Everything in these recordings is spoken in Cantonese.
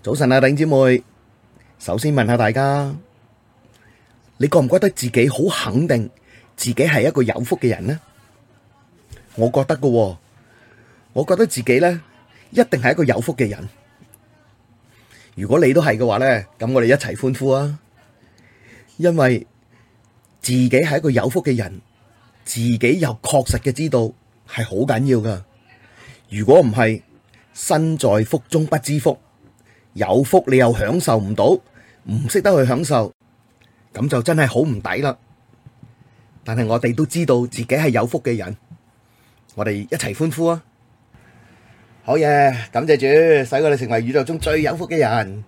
早晨啊，頂姐妹！首先問下大家，你覺唔覺得自己好肯定自己係一個有福嘅人呢？我覺得嘅，我覺得自己呢，一定係一個有福嘅人。如果你都係嘅話呢，咁我哋一齊歡呼啊！因為自己係一個有福嘅人，自己有確實嘅知道係好緊要噶。如果唔係，身在福中不知福。有福你又享受唔到，唔識得去享受，咁就真係好唔抵啦。但係我哋都知道自己係有福嘅人，我哋一齊歡呼啊！好嘢，感謝主，使我哋成為宇宙中最有福嘅人。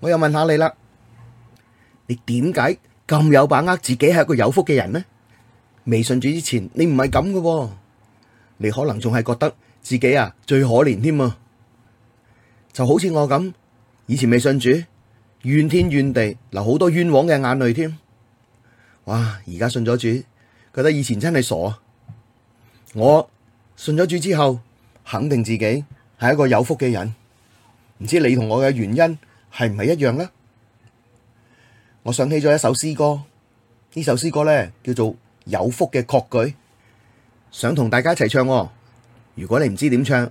我又問下你啦，你點解咁有把握自己係一個有福嘅人呢？未信主之前你唔係咁㗎，你可能仲係覺得自己啊最可憐添啊！就好似我咁，以前未信主，怨天怨地，流好多冤枉嘅眼淚添。哇！而家信咗主，覺得以前真係傻。我信咗主之後，肯定自己係一個有福嘅人。唔知你同我嘅原因係唔係一樣呢？我想起咗一首詩歌，首詩歌呢首詩歌咧叫做《有福嘅確據》，想同大家一齊唱，哦。如果你唔知點唱。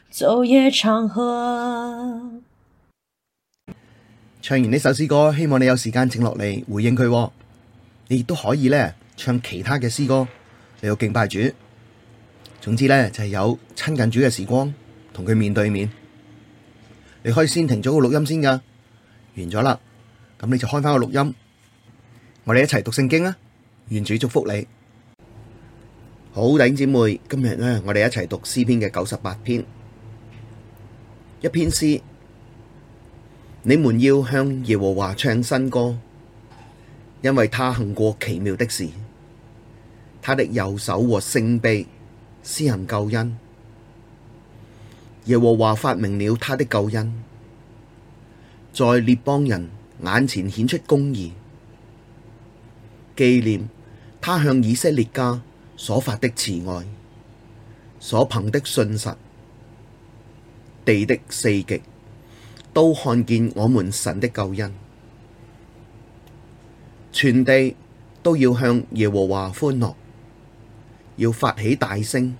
晝夜唱和，唱完呢首詩歌，希望你有時間靜落嚟回應佢。你亦都可以呢唱其他嘅詩歌，你又敬拜主，總之呢，就係，有親近主嘅時光，同佢面對面。你可以先停咗個錄音先噶，完咗啦，咁你就開翻個錄音，我哋一齊讀聖經啊！願主祝福你。好，弟兄姐妹，今日呢，我哋一齊讀詩篇嘅九十八篇。一篇詩，你們要向耶和華唱新歌，因為他行過奇妙的事，他的右手和聖臂施行救恩，耶和華發明了他的救恩，在列邦人眼前顯出公義，紀念他向以色列家所發的慈愛，所憑的信實。地的四極都看見我們神的救恩，全地都要向耶和華歡樂，要發起大聲，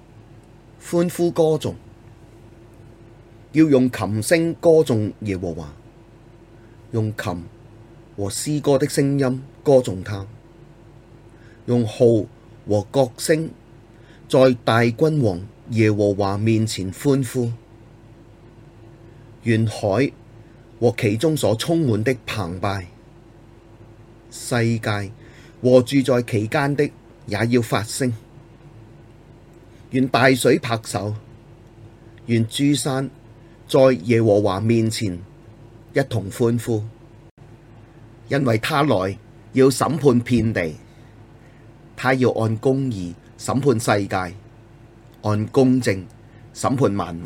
歡呼歌頌，要用琴聲歌頌耶和華，用琴和詩歌的聲音歌頌他，用號和角聲在大君王耶和華面前歡呼。願海和其中所充滿的澎湃，世界和住在其間的也要發聲，願大水拍手，願諸山在耶和華面前一同歡呼，因為他來要審判遍地，他要按公義審判世界，按公正審判萬民。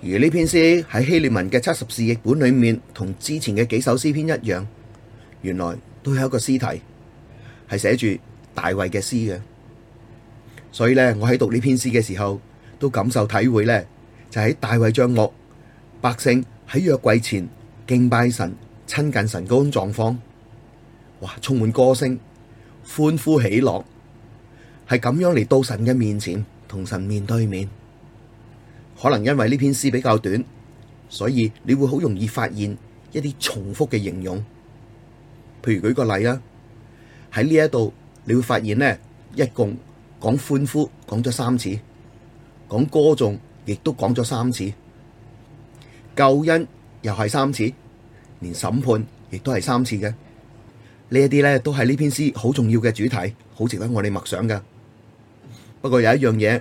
而呢篇詩喺希列文嘅七十士譯本裏面，同之前嘅幾首詩篇一樣，原來都有一個詩題，係寫住大衛嘅詩嘅。所以咧，我喺讀呢篇詩嘅時候，都感受體會咧，就喺、是、大衛將惡百姓喺約櫃前敬拜神、親近神嗰種狀況，哇，充滿歌聲、歡呼喜樂、喜樂，係咁樣嚟到神嘅面前，同神面對面。可能因為呢篇詩比較短，所以你會好容易發現一啲重複嘅形容。譬如舉個例啦，喺呢一度，你會發現呢，一共講歡呼講咗三次，講歌頌亦都講咗三次，救恩又係三次，連審判亦都係三次嘅。呢一啲咧都係呢篇詩好重要嘅主題，好值得我哋默想嘅。不過有一樣嘢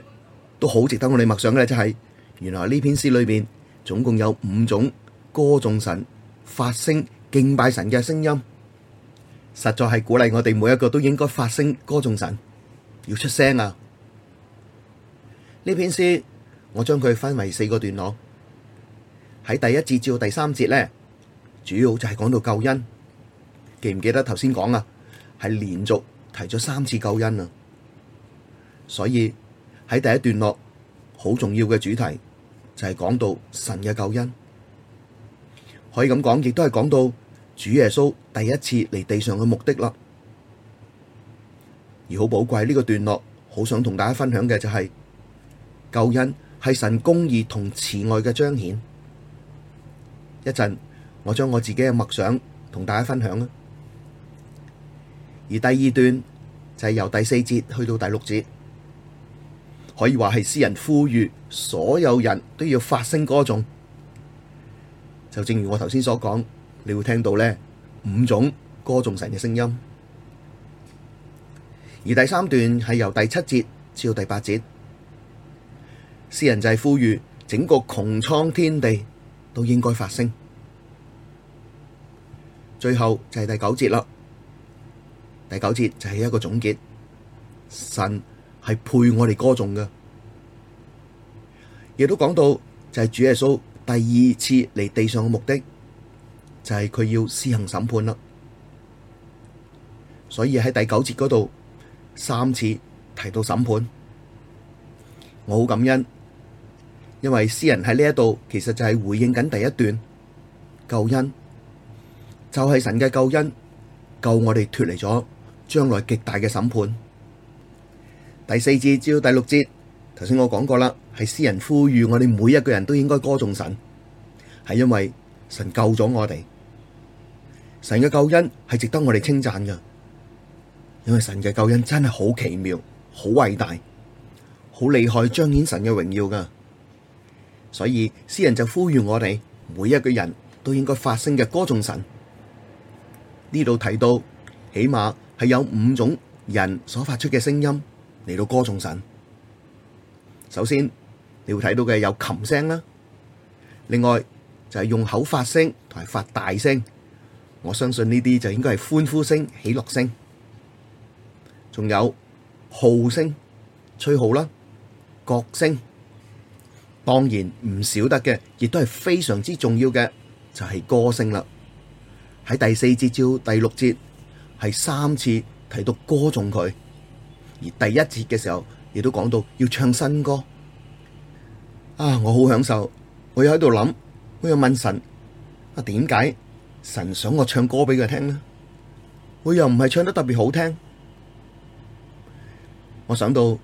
都好值得我哋默想嘅咧，就係、是。原來呢篇詩裏面總共有五種歌頌神、發聲敬拜神嘅聲音，實在係鼓勵我哋每一個都應該發聲歌頌神，要出聲啊！呢篇詩我將佢分為四個段落，喺第一節至到第三節咧，主要就係講到救恩。記唔記得頭先講啊？係連續提咗三次救恩啊！所以喺第一段落好重要嘅主題。就係講到神嘅救恩，可以咁講，亦都係講到主耶穌第一次嚟地上嘅目的啦。而好寶貴呢個段落，好想同大家分享嘅就係救恩係神公義同慈愛嘅彰顯。一陣我將我自己嘅默想同大家分享啦。而第二段就係由第四節去到第六節。可以話係詩人呼籲所有人，都要發聲歌頌。就正如我頭先所講，你會聽到呢五種歌頌神嘅聲音。而第三段係由第七節至到第八節，詩人就係呼籲整個穹蒼天地都應該發聲。最後就係第九節啦。第九節就係一個總結，神。係配我哋歌頌嘅，亦都講到就係主耶穌第二次嚟地上嘅目的，就係佢要施行審判啦。所以喺第九節嗰度三次提到審判，我好感恩，因為詩人喺呢一度其實就係回應緊第一段救恩，就係神嘅救恩救我哋脱離咗將來極大嘅審判。第四節至到第六節，頭先我講過啦，係詩人呼籲我哋每一個人都應該歌頌神，係因為神救咗我哋，神嘅救恩係值得我哋稱讚噶。因為神嘅救恩真係好奇妙、好偉大、好厲害，彰顯神嘅榮耀噶。所以詩人就呼籲我哋每一個人都應該發聲嘅歌頌神。呢度提到起碼係有五種人所發出嘅聲音。嚟到歌頌神，首先你會睇到嘅有琴聲啦，另外就係、是、用口發聲同埋發大聲，我相信呢啲就應該係歡呼聲、喜樂聲，仲有號聲、吹號啦、角聲，當然唔少得嘅，亦都係非常之重要嘅，就係、是、歌聲啦。喺第四節、至到第六節，係三次提到歌頌佢。而第一節嘅時候，亦都講到要唱新歌。啊，我好享受，我又喺度諗，我又問神：啊，點解神想我唱歌俾佢聽呢？我又唔係唱得特別好聽。我想到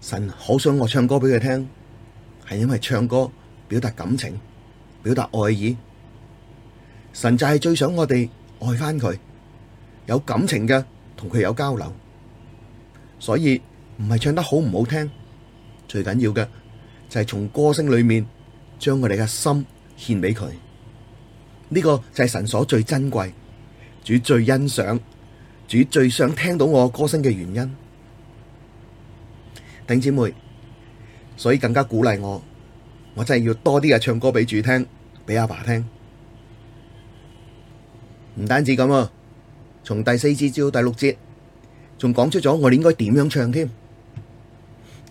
神好想我唱歌俾佢聽，係因為唱歌表達感情、表達愛意。神就係最想我哋愛翻佢，有感情嘅同佢有交流。所以唔係唱得好唔好聽，最緊要嘅就係從歌聲裏面將我哋嘅心獻俾佢。呢個就係神所最珍貴、主最欣賞、主最想聽到我歌聲嘅原因。頂姐妹，所以更加鼓勵我，我真係要多啲嘅唱歌俾主聽，俾阿爸聽。唔單止咁，從第四節至到第六節，仲講出咗我哋應該點樣唱添？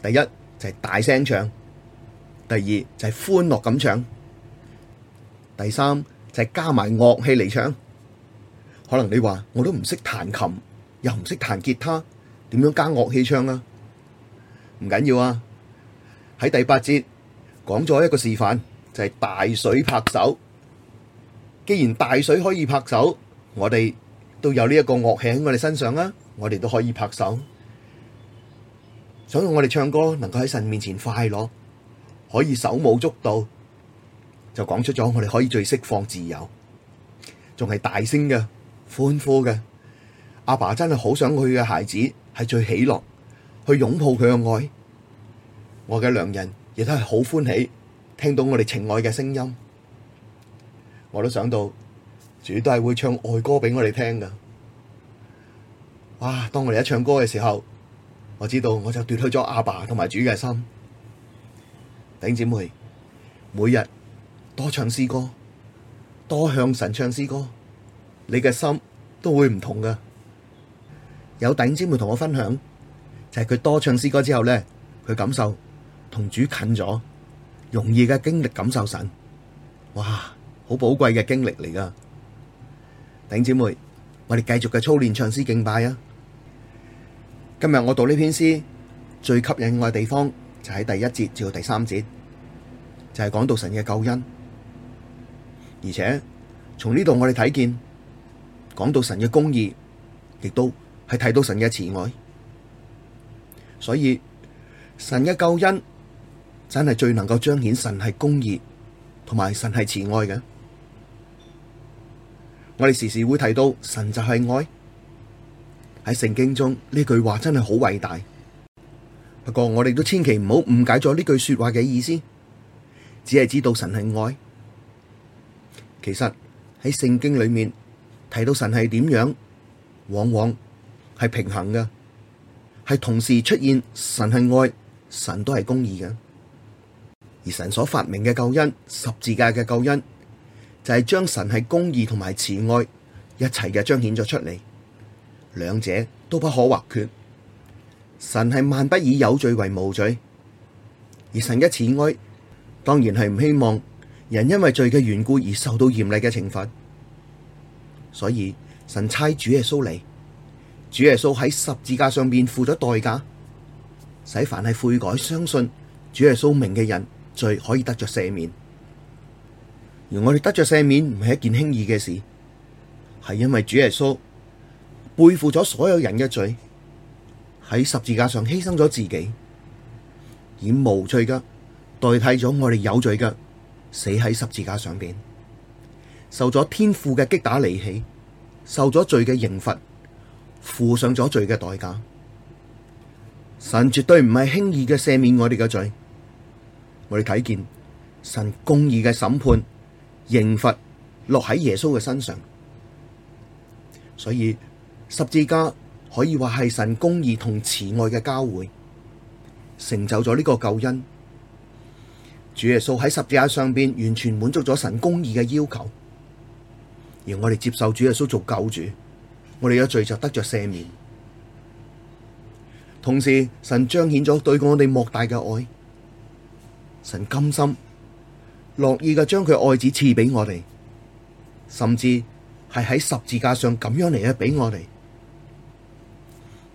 第一就係大聲唱，第二就係歡樂咁唱，第三就係加埋樂器嚟唱。可能你話我都唔識彈琴，又唔識彈吉他，點樣加樂器唱啊？唔緊要啊！喺第八節講咗一個示範，就係大水拍手。既然大水可以拍手，我哋都有呢一個樂器喺我哋身上啊！我哋都可以拍手，想到我哋唱歌能夠喺神面前快樂，可以手舞足蹈，就講出咗我哋可以最釋放自由，仲係大聲嘅、歡呼嘅。阿爸真係好想佢嘅孩子係最喜樂，去擁抱佢嘅愛。我嘅良人亦都係好歡喜聽到我哋情愛嘅聲音，我都想到主都係會唱愛歌俾我哋聽噶。哇！當我哋一唱歌嘅時候，我知道我就奪去咗阿爸同埋主嘅心。頂姊妹，每日多唱詩歌，多向神唱詩歌，你嘅心都會唔同噶。有頂姊妹同我分享，就係佢多唱詩歌之後呢，佢感受同主近咗，容易嘅經歷感受神。哇！好寶貴嘅經歷嚟噶。頂姊妹，我哋繼續嘅操練唱詩敬拜啊！今日我讀呢篇詩，最吸引我嘅地方就喺第一節至到第三節，就係講到神嘅救恩，而且從呢度我哋睇見，講到神嘅公義，亦都係睇到神嘅慈愛。所以神嘅救恩真係最能夠彰顯神係公義，同埋神係慈愛嘅。我哋時時會提到神就係愛。喺聖經中呢句話真係好偉大。不過我哋都千祈唔好誤解咗呢句說話嘅意思，只係知道神係愛。其實喺聖經裏面提到神係點樣，往往係平衡嘅，係同時出現神係愛，神都係公義嘅。而神所發明嘅救恩，十字架嘅救恩，就係將神係公義同埋慈愛一齊嘅彰顯咗出嚟。兩者都不可或缺。神係萬不以有罪為無罪，而神嘅慈愛當然係唔希望人因為罪嘅緣故而受到嚴厲嘅懲罰。所以神差主耶穌嚟，主耶穌喺十字架上邊付咗代價，使凡係悔改、相信主耶穌名嘅人罪可以得着赦免。而我哋得着赦免唔係一件輕易嘅事，係因為主耶穌。背負咗所有人嘅罪，喺十字架上犧牲咗自己，而無罪嘅代替咗我哋有罪嘅死喺十字架上邊，受咗天父嘅擊打離棄，受咗罪嘅刑罰，付上咗罪嘅代價。神絕對唔係輕易嘅赦免我哋嘅罪，我哋睇見神公義嘅審判刑罰落喺耶穌嘅身上，所以。十字架可以話係神公義同慈愛嘅交匯，成就咗呢個救恩。主耶穌喺十字架上邊完全滿足咗神公義嘅要求，而我哋接受主耶穌做救主，我哋嘅罪就得着赦免。同時，神彰顯咗對我哋莫大嘅愛，神甘心樂意嘅將佢愛子賜俾我哋，甚至係喺十字架上咁樣嚟啊俾我哋。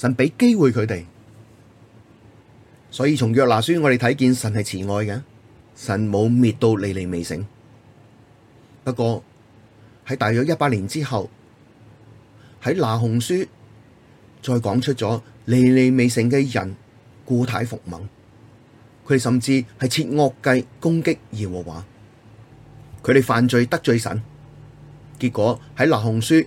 神俾機會佢哋，所以從約拿書我哋睇見神係慈愛嘅，神冇滅到尼尼微城，不過喺大約一百年之後，喺那鴻書再講出咗尼尼微城嘅人故態復萌，佢哋甚至係設惡計攻擊耶和華，佢哋犯罪得罪神，結果喺那鴻書。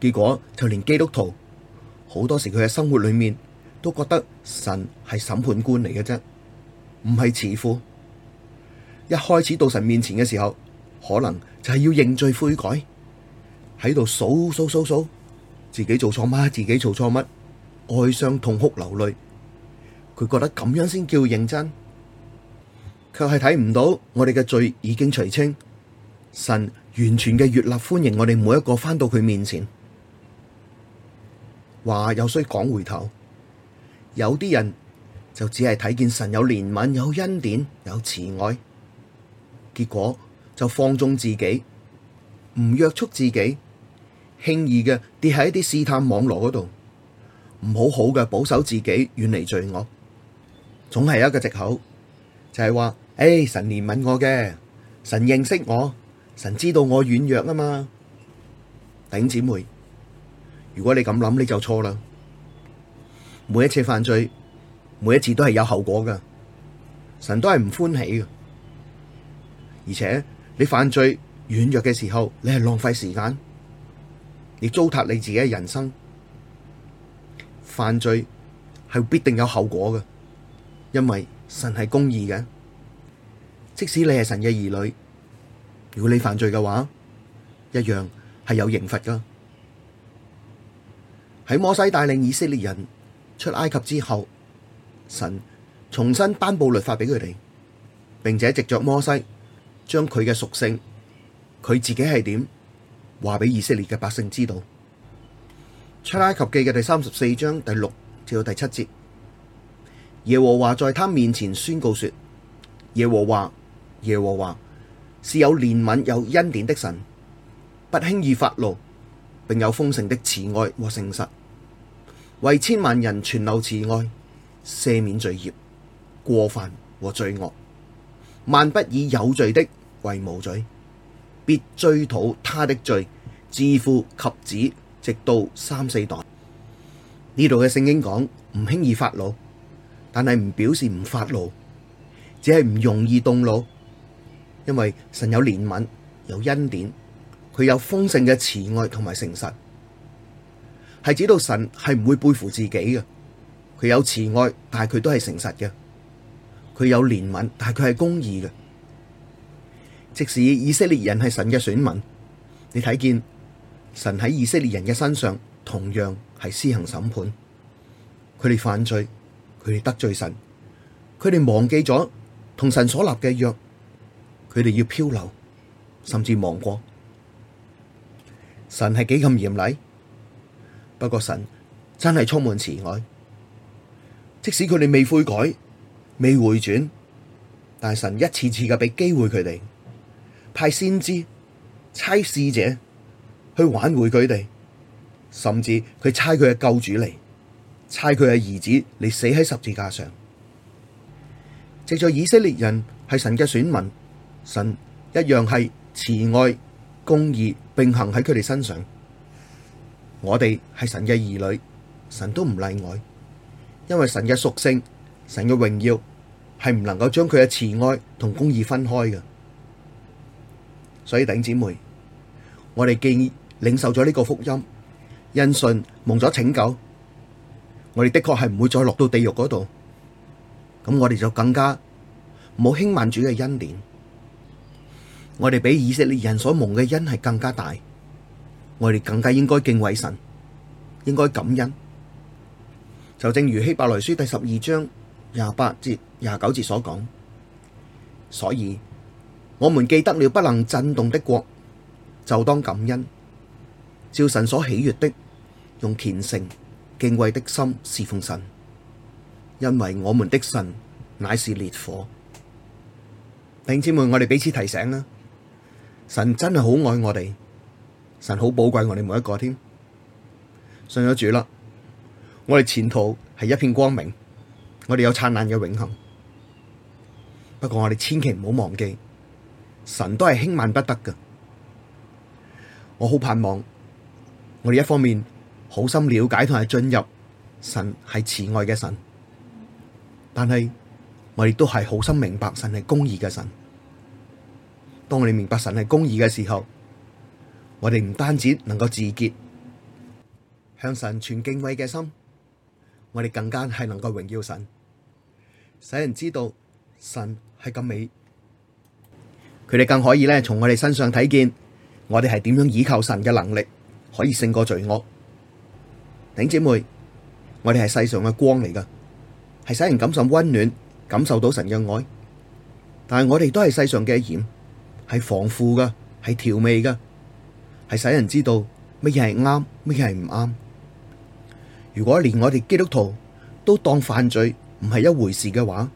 結果就連基督徒好多時佢嘅生活裏面都覺得神係審判官嚟嘅啫，唔係慈父。一開始到神面前嘅時候，可能就係要認罪悔改，喺度數數數數自己做錯乜，自己做錯乜，哀傷痛哭流淚。佢覺得咁樣先叫認真，卻係睇唔到我哋嘅罪已經除清，神完全嘅悅納歡迎我哋每一個翻到佢面前。有話有需講回頭，有啲人就只係睇見神有憐憫、有恩典、有慈愛，結果就放縱自己，唔約束自己，輕易嘅跌喺一啲試探網絡嗰度，唔好好嘅保守自己，遠離罪惡，總係一個借口，就係、是、話，誒、哎，神憐憫我嘅，神認識我，神知道我軟弱啊嘛，頂姐妹。如果你咁諗，你就錯啦。每一次犯罪，每一次都係有後果噶，神都係唔歡喜噶。而且你犯罪軟弱嘅時候，你係浪費時間，你糟蹋你自己嘅人生。犯罪係必定有後果噶，因為神係公義嘅。即使你係神嘅兒女，如果你犯罪嘅話，一樣係有刑罰噶。喺摩西帶領以色列人出埃及之後，神重新頒布律法俾佢哋，並且藉着摩西將佢嘅屬性，佢自己係點，話俾以色列嘅百姓知道。出埃及記嘅第三十四章第六至到第七節，耶和華在他面前宣告說：耶和華，耶和華是有憐憫有恩典的神，不輕易發怒。並有豐盛的慈愛和誠實，為千萬人傳流慈愛，赦免罪孽、過犯和罪惡，萬不以有罪的為無罪，必追討他的罪，自父及子，直到三四代。呢度嘅聖經講唔輕易發怒，但係唔表示唔發怒，只係唔容易動怒，因為神有憐憫，有恩典。佢有豐盛嘅慈愛同埋誠實，係指到神係唔會背負自己嘅。佢有慈愛，但係佢都係誠實嘅。佢有憐憫，但係佢係公義嘅。即使以色列人係神嘅選民，你睇見神喺以色列人嘅身上同樣係施行審判。佢哋犯罪，佢哋得罪神，佢哋忘記咗同神所立嘅約，佢哋要漂流，甚至亡國。神係幾咁嚴厲，不過神真係充滿慈愛。即使佢哋未悔改、未回轉，但係神一次次嘅俾機會佢哋，派先知、差使者去挽回佢哋，甚至去差佢嘅救主嚟，差佢嘅兒子嚟，死喺十字架上。即使以色列人係神嘅選民，神一樣係慈愛。公義並行喺佢哋身上，我哋係神嘅兒女，神都唔例外，因為神嘅屬性、神嘅榮耀係唔能夠將佢嘅慈愛同公義分開嘅，所以弟姊妹，我哋既領受咗呢個福音，因信蒙咗拯救，我哋的確係唔會再落到地獄嗰度，咁我哋就更加冇輕慢主嘅恩典。我哋比以色列人所蒙嘅恩係更加大，我哋更加應該敬畏神，應該感恩。就正如希伯來書第十二章廿八節廿九節所講，所以我們既得了不能震動的國，就當感恩，照神所喜悅的，用虔誠敬畏的心侍奉神，因為我們的神乃是烈火。弟兄姊妹，我哋彼此提醒啦。神真係好愛我哋，神好寶貴我哋每一個添。信咗主啦，我哋前途係一片光明，我哋有燦爛嘅永恒。不過我哋千祈唔好忘記，神都係輕慢不得噶。我好盼望我哋一方面好心了解同埋進入神係慈愛嘅神，但係我哋都係好心明白神係公義嘅神。當我哋明白神係公義嘅時候，我哋唔單止能夠自潔，向神存敬畏嘅心，我哋更加係能夠榮耀神，使人知道神係咁美。佢哋更可以咧從我哋身上睇見，我哋係點樣倚靠神嘅能力可以勝過罪惡。頂姐妹，我哋係世上嘅光嚟噶，係使人感受温暖，感受到神嘅愛。但係我哋都係世上嘅鹽。係防腐嘅，係調味嘅，係使人知道乜嘢係啱，乜嘢係唔啱。如果連我哋基督徒都當犯罪唔係一回事嘅話，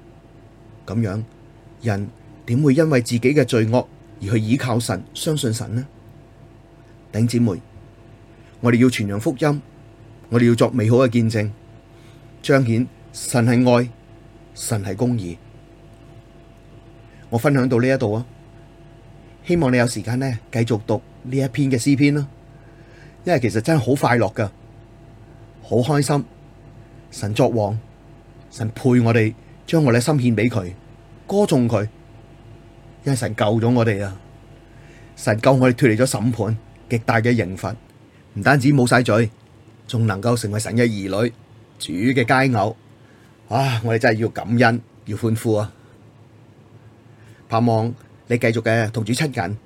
咁樣人點會因為自己嘅罪惡而去倚靠神、相信神呢？頂姊妹，我哋要傳揚福音，我哋要作美好嘅見證，彰顯神係愛，神係公義。我分享到呢一度啊！希望你有時間呢，繼續讀呢一篇嘅詩篇咯，因為其實真係好快樂噶，好開心。神作王，神配我哋，將我哋心獻俾佢，歌頌佢，因為神救咗我哋啊！神救我哋脫離咗審判，極大嘅刑罰，唔單止冇晒罪，仲能夠成為神嘅兒女、主嘅佳偶。啊！我哋真係要感恩，要歡呼啊！盼望。你繼續嘅同主親近，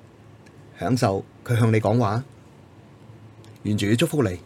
享受佢向你講話，願主祝福你。